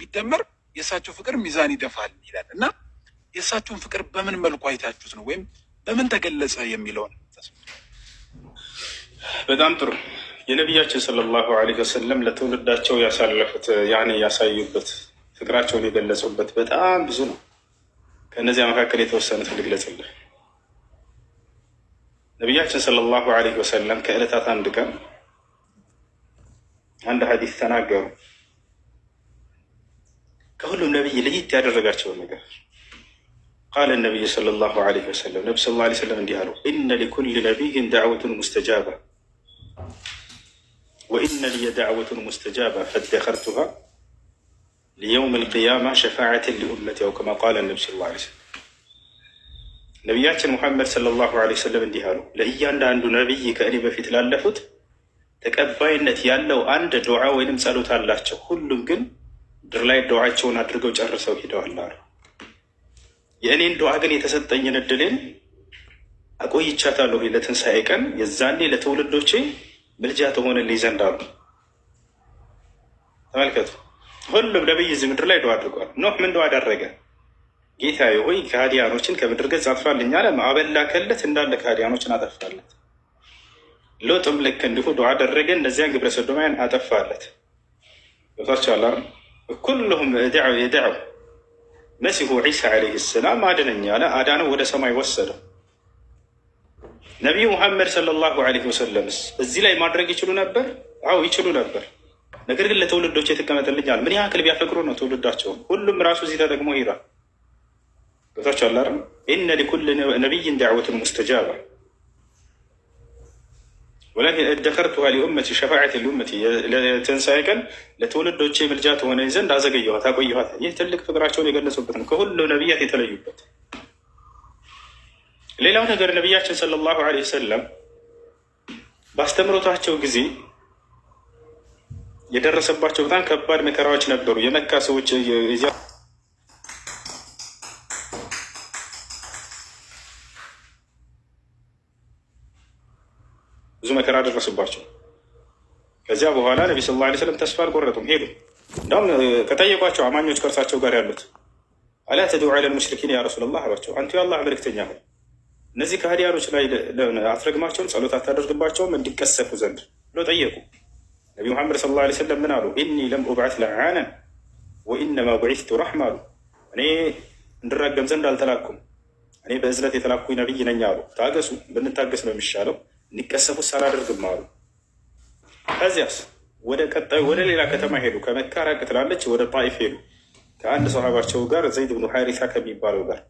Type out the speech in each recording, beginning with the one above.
ቢደመር የእሳቸው ፍቅር ሚዛን ይደፋል ይላል እና የእሳቸውን ፍቅር በምን መልኩ አይታችሁት ነው ወይም በምን ተገለጸ የሚለውን በጣም ጥሩ የነቢያችን ሰለላሁ ዐለይሂ ወሰለም ለትውልዳቸው ያሳለፉት ያኔ ያሳዩበት ፍቅራቸውን የገለጹበት በጣም ብዙ ነው። ከእነዚያ መካከል የተወሰኑት ልግለጽልህ። ነቢያችን ሰለላሁ ዐለይሂ ወሰለም ከእለታት አንድ ቀን አንድ ሀዲስ ተናገሩ። ከሁሉም ነቢይ ለየት ያደረጋቸውን ነገር ቃለ ነቢይ ሰለላሁ ዐለይሂ ወሰለም ነቢ ሰለላሁ ዐለይሂ ወሰለም እንዲህ አሉ፣ ኢነ ሊኩል ነቢይን ዳዕወቱን ሙስተጃባ ወኢነ ልየ ዳዕወቱን ሙስተጃባ ፈደኸርቱሃ ሊየውም ልቅያማ ሸፋዓትን ሊኡመት ያው ከማ ቃለ ነቢ ሰለላሁ ዐለይሂ ወሰለም ነቢያችን ሙሐመድ ሰለላሁ ዐለይሂ ወሰለም እንዲህ አሉ፣ ለእያንዳንዱ ነቢይ ከእኔ በፊት ላለፉት ተቀባይነት ያለው አንድ ዱዓ ወይንም ጸሎት አላቸው። ሁሉም ግን ድር ላይ ዱዓቸውን አድርገው ጨርሰው ሄደዋል አሉ። የእኔን ዱዓ ግን የተሰጠኝን እድሌን አቆይቻታለሁ ለትንሣኤ ቀን የዛኔ ለትውልዶቼ ምልጃ ትሆንልኝ ዘንድ አሉ። ተመልከቱ፣ ሁሉም ነቢይ እዚህ ምድር ላይ ዱዓ አድርጓል። ኖህ ምን ዱዓ አደረገ? ጌታ ሆይ ከሃዲያኖችን ከምድር ገጽ አጥፋልኝ አለ። አበላከለት እንዳለ ከሃዲያኖችን አጠፋለት። ሎጥም ልክ እንዲሁ ዱዓ አደረገ። እነዚያን ግብረ ሰዶማውያን አጠፋለት። ቦታቸው አላ ኩልሁም እድዐው የድዐው መሲሁ ዒሳ ዓለይህ ሰላም አድነኝ አለ። አዳነው፣ ወደ ሰማይ ወሰደው። ነቢዩ ሙሐመድ ሰለላሁ ዓለይህ ወሰለምስ እዚህ ላይ ማድረግ ይችሉ ነበር? አዎ ይችሉ ነበር። ነገር ግን ለትውልዶች የተቀመጠልኛል። ምን ያክል ቢያፈቅሩ ነው ትውልዳቸውን። ሁሉም ራሱ እዚህ ተጠቅሞ ይላል። ቦታቸው አላርም ኢነ ሊኩል ነቢይን ዳዕወትን ሙስተጃባ ወላኪን እደከርቱሃ ሊኡመቲ ሸፋዓት ሊኡመቲ ትንሣኤ ቀን ለትውልዶቼ ምልጃ ትሆነ ዘንድ አዘገየኋት፣ አቆየኋት። ይህ ትልቅ ፍቅራቸውን የገለጹበት ነው፣ ከሁሉ ነቢያት የተለዩበት። ሌላው ነገር ነቢያችን ሰለላሁ ዐለይሂ ወሰለም ባስተምሮታቸው ጊዜ የደረሰባቸው በጣም ከባድ መከራዎች ነበሩ። የመካ ሰዎች ብዙ መከራ ደረሱባቸው። ከዚያ በኋላ ነቢ ስለ ላ ስለም ተስፋ አልቆረጡም፣ ሄዱ። እንዳውም ከጠየቋቸው አማኞች ከእርሳቸው ጋር ያሉት አላ ተድዑ ለል ሙሽሪኪን ያ ረሱላ አሏቸው። አንቱ የአላህ መልክተኛ ሆይ እነዚህ ከሀዲያኖች ላይ አትረግማቸውም፣ ጸሎት አታደርግባቸውም እንዲቀሰፉ ዘንድ ብሎ ጠየቁ። ነቢ ሙሐመድ ስለ ላ ስለም ምን አሉ? ኢኒ ለም ኡብዓት ለዓነን ወኢነማ ቡዒቱ ረሕማ አሉ። እኔ እንድራገም ዘንድ አልተላኩም፣ እኔ በእዝነት የተላኩኝ ነቢይ ነኝ አሉ። ታገሱ፣ ብንታገስ ነው የሚሻለው እንዲቀሰፉት ሳላደርግም አሉ። ከዚያስ ወደ ቀጣዩ ወደ ሌላ ከተማ ሄዱ። ከመካ ራቅ ትላለች፣ ወደ ጣይፍ ሄዱ። ከአንድ ሰሃባቸው ጋር ዘይድ ብኑ ሐሪሳ ከሚባለው ጋር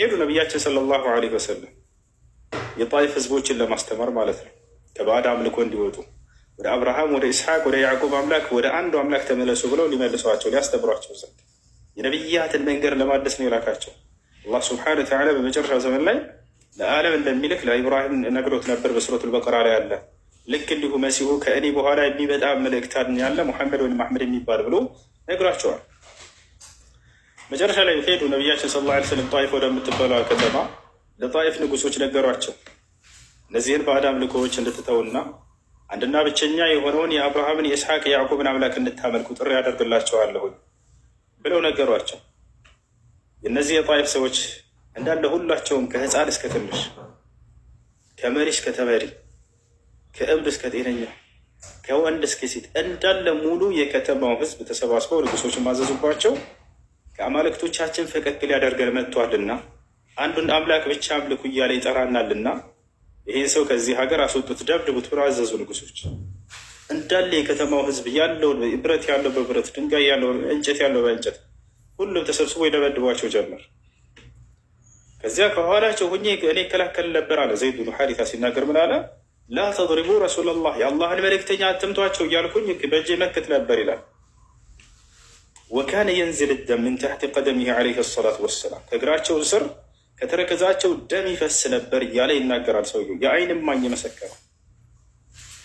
ሄዱ። ነቢያችን ሰለላሁ ዐለይሂ ወሰለም የጣይፍ ህዝቦችን ለማስተማር ማለት ነው፣ ከባዕድ አምልኮ እንዲወጡ ወደ አብርሃም፣ ወደ ኢስሐቅ፣ ወደ ያዕቆብ አምላክ ወደ አንዱ አምላክ ተመለሱ ብለው ሊመልሷቸው ሊያስተምሯቸው ዘንድ የነቢያትን መንገድ ለማደስ ነው የላካቸው። አላህ ሱብሓነሁ ወተዓላ በመጨረሻ ዘመን ላይ ለዓለም እንደሚልክ ለኢብራሂም ነግሮት ነበር በሱረቱል በቀራ ላይ አለ። ልክ እንዲሁ መሲሁ ከእኔ በኋላ የሚመጣ መልእክታ ያለ ሙሐመድ ወይም አሕመድ የሚባል ብሎ ነግሯቸዋል። መጨረሻ ላይ ሄዱ። ነቢያችን ሰለላሁ ላ ስለም ጣይፍ ወደምትበለ ከተማ ለጣይፍ ንጉሶች ነገሯቸው። እነዚህን ባዕድ አምልኮዎች እንድትተውና አንድና ብቸኛ የሆነውን የአብርሃምን የእስሐቅ የያዕቆብን አምላክ እንድታመልኩ ጥሪ ያደርግላቸዋለሁኝ ብለው ነገሯቸው። የእነዚህ የጣይፍ ሰዎች እንዳለ ሁላቸውም ከህፃን እስከ ትንሽ ከመሪ እስከ ተመሪ ከእብድ እስከ ጤነኛ ከወንድ እስከ ሴት እንዳለ ሙሉ የከተማው ህዝብ ተሰባስበው ንጉሶች ማዘዙባቸው ከአማልክቶቻችን ፈቀቅ ሊያደርገን መጥቷልና አንዱን አምላክ ብቻ አምልኩ እያለ ይጠራናልና ይህን ሰው ከዚህ ሀገር አስወጡት፣ ደብድቡት ብሎ አዘዙ ንጉሶች። እንዳለ የከተማው ህዝብ ያለውን ብረት ያለው በብረት ድንጋይ ያለው እንጨት ያለው በእንጨት ሁሉም ተሰብስቦ ይደበድቧቸው ጀመር። ከዚያ ከኋላቸው ሁኜ እኔ ይከላከል ነበር አለ። ዘይድ ብኑ ሐሪታ ሲናገር ምን አለ? ላ ተድሪቡ ረሱላላህ የአላህን መልእክተኛ አትምቷቸው እያልኩኝ በእጄ መክት ነበር ይላል። ወካነ የንዝል ደም ምን ተሕት ቀደሚህ ዓለይህ ሰላት ወሰላም ከእግራቸው ስር ከተረከዛቸው ደም ይፈስ ነበር እያለ ይናገራል ሰውየው። የአይን እማኝ መሰከረው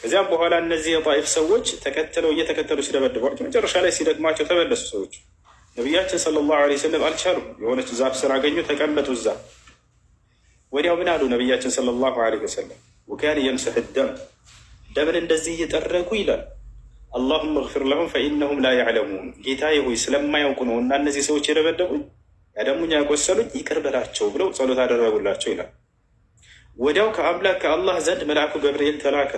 ከዚያም በኋላ እነዚህ የጣኢፍ ሰዎች ተከተለው እየተከተሉ ሲደበድቧቸው መጨረሻ ላይ ሲደግማቸው ተመለሱ ሰዎቹ ነቢያችን ሰለላሁ ዐለይሂ ወሰለም አልቻሉም። የሆነች ዛፍ ስር አገኙ፣ ተቀመጡ እዛ። ወዲያው ምን አሉ ነቢያችን ሰለላሁ ዐለይሂ ወሰለም ወካን የምስሕ ደም ደምን እንደዚህ እየጠረጉ ይላል አላሁመ ግፊር ለሁም ፈኢነሁም ላ ያዕለሙን። ጌታዬ ሆይ ስለማያውቁ ነው እና እነዚህ ሰዎች የደበደቡኝ ያደሙኝ ያቆሰሉኝ ይቅር በላቸው ብለው ጸሎት አደረጉላቸው ይላል። ወዲያው ከአምላክ ከአላህ ዘንድ መልአኩ ገብርኤል ተላከ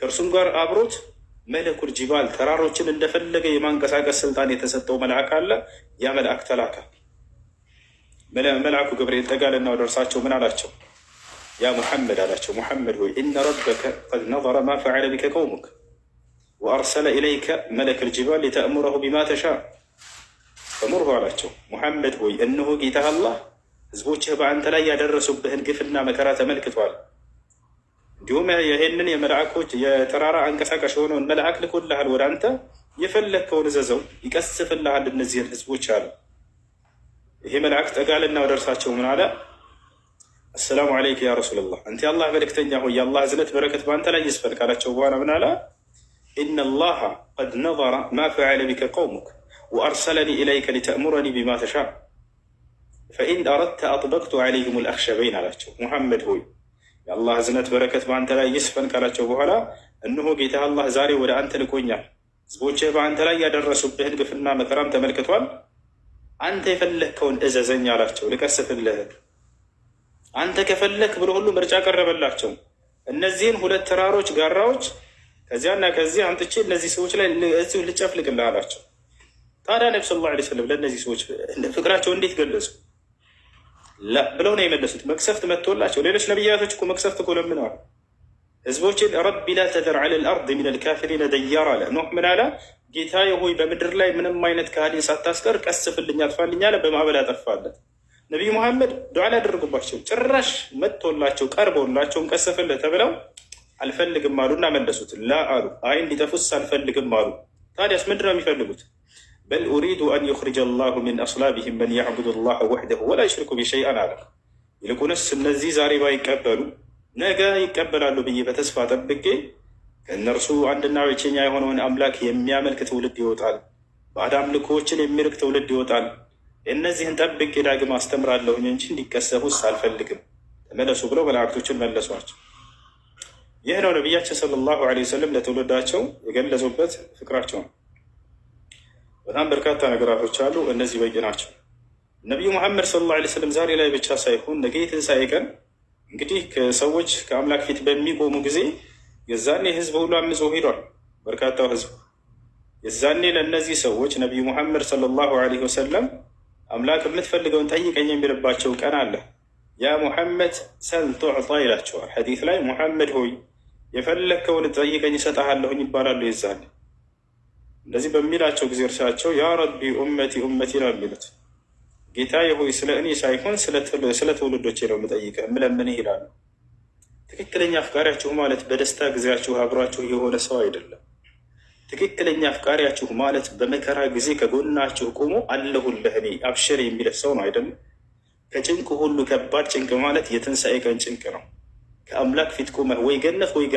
ከእርሱም ጋር አብሮት መለኩል ጅባል ተራሮችን እንደፈለገ የማንቀሳቀስ ስልጣን የተሰጠው መልአክ አለ። ያ መልአክ ተላከ። መልአኩ ገብርኤል ጠጋለና ወደ እርሳቸው ምን አላቸው? ያ ሙሐመድ አላቸው፣ ሙሐመድ ሆይ እነ ረበከ ቀድ ነظረ ማ ፈዓለ ቢከ ቀውሙክ ወአርሰለ ኢለይከ መለከል ጅባል ሊተእሙረሁ ቢማ ተሻ ፈሙርሁ አላቸው። ሙሐመድ ሆይ እነሆ ጌታህ አላህ ህዝቦችህ በአንተ ላይ ያደረሱብህን ግፍና መከራ ተመልክቷል። እንዲሁም ይህንን የመልአኮች የተራራ አንቀሳቃሽ የሆነውን መልአክ ልኮልሃል ወደ አንተ የፈለግከውን እዘዘው ይቀስፍልሃል እነዚህን ህዝቦች አለ። ይሄ መልአክ ጠጋልና ወደ እርሳቸው ምን አለ? አሰላሙ አለይክ ያ ረሱልላህ፣ አንተ የአላህ መልእክተኛ ሆይ የአላህ እዝነት በረከት በአንተ ላይ ይስፈል ካላቸው በኋላ ምን አለ? ኢነላሃ ቀድ ነዘረ ማ ፈዓለ ቢከ ቀውሙክ ወአርሰለኒ ኢለይከ ሊተእሙረኒ ቢማ ተሻእ ፈኢን አረድተ አጥበቅቱ ዓለይህም ልአክሸበይን አላቸው። ሙሐመድ ሆይ የአላህ እዝነት በረከት በአንተ ላይ ይስፈን ካላቸው በኋላ እነሆ ጌታ አላህ ዛሬ ወደ አንተ ልኮኛል። ህዝቦችህ በአንተ ላይ ያደረሱብህን ግፍና መከራም ተመልክቷል። አንተ የፈለግከውን እዘዘኝ አላቸው፣ ልቀስፍልህ። አንተ ከፈለክ ብሎ ሁሉ ምርጫ ቀረበላቸው። እነዚህን ሁለት ተራሮች ጋራዎች ከዚያና ከዚህ አምጥቼ እነዚህ ሰዎች ላይ እዚሁ ልጨፍልቅልህ አላቸው። ታዲያ ነቢ ስለ ላ ለም ለእነዚህ ሰዎች ፍቅራቸው እንዴት ገለጹ? ብለው ነው የመለሱት። መቅሰፍት መጥቶላቸው ሌሎች ነቢያቶች እኮ መቅሰፍት እኮ ለምነዋል። ህዝቦችን ረቢ ላ ተዘር ዐለ ልአርድ ሚነል ካፊሪነ ደያር አለ ኖህ። ምን አለ? ጌታዬ ሆይ በምድር ላይ ምንም አይነት ካህዲን ሳታስቀር ቀስፍልኝ፣ አጥፋልኝ አለ። በማዕበል አጠፋለት። ነቢይ መሐመድ ዱዓ ላደረጉባቸው ጭራሽ መጥቶላቸው ቀርበውላቸውን ቀስፍልህ ተብለው አልፈልግም አሉና መለሱት። ላ አሉ አይ እንዲጠፉስ አልፈልግም አሉ። ታዲያስ ምንድነው የሚፈልጉት? በል ኡሪዱ አን ዩኽሪጀ ላሁ ሚን አስላቢህም መን ያዕቡዱ ላህ ወሕደሁ ወላ ዩሽሪኩ ቢሸይአን ሸይአን አለ። ይልቁንስ እነዚህ ዛሬ ባይቀበሉ ነገ ይቀበላሉ ብዬ በተስፋ ጠብቄ ከእነርሱ አንድና ብቸኛ የሆነውን አምላክ የሚያመልክ ትውልድ ይወጣል፣ ባዕድ አምልኮዎችን የሚርቅ ትውልድ ይወጣል። እነዚህን ጠብቄ ዳግም አስተምራለሁኝ እንጂ እንዲቀሰፉስ አልፈልግም፣ ተመለሱ ብለው መላእክቶችን መለሷቸው። ይህ ነው ነቢያችን ሰለላሁ ዐለይሂ ወሰለም ለትውልዳቸው የገለጹበት ፍቅራቸው ነው። በጣም በርካታ ነገራቶች አሉ። እነዚህ በቂ ናቸው። ነቢዩ መሐመድ ሰለላሁ ዐለይሂ ወሰለም ዛሬ ላይ ብቻ ሳይሆን ነገ የትንሣኤ ቀን እንግዲህ ከሰዎች ከአምላክ ፊት በሚቆሙ ጊዜ የዛኔ ህዝብ ሁሉ አምጾ ሄዷል። በርካታው ህዝብ የዛኔ ለእነዚህ ሰዎች ነቢዩ መሐመድ ሰለላሁ ዐለይሂ ወሰለም አምላክ የምትፈልገውን ጠይቀኝ የሚልባቸው ቀን አለ። ያ ሙሐመድ ሰልቶዕጣ ይላቸዋል። ሐዲስ ላይ ሙሐመድ ሆይ የፈለግከውን ጠይቀኝ እሰጥሃለሁኝ ይባላሉ የዛኔ እንደዚህ በሚላቸው ጊዜ እርሳቸው ያ ረቢ ኡመቲ ኡመቲ ነው የሚሉት። ጌታዬ ሆይ ስለ እኔ ሳይሆን ስለ ትውልዶቼ ነው የምጠይቀ ምለምንህ ይላሉ። ትክክለኛ አፍቃሪያችሁ ማለት በደስታ ጊዜያችሁ አብሯችሁ የሆነ ሰው አይደለም። ትክክለኛ አፍቃሪያችሁ ማለት በመከራ ጊዜ ከጎናችሁ ቆሞ አለሁልህ እኔ አብሽር የሚልህ ሰው ነው አይደለም። ከጭንቅ ሁሉ ከባድ ጭንቅ ማለት የትንሣኤ ቀን ጭንቅ ነው። ከአምላክ ፊት ቆመህ ወይ ገነት ወይ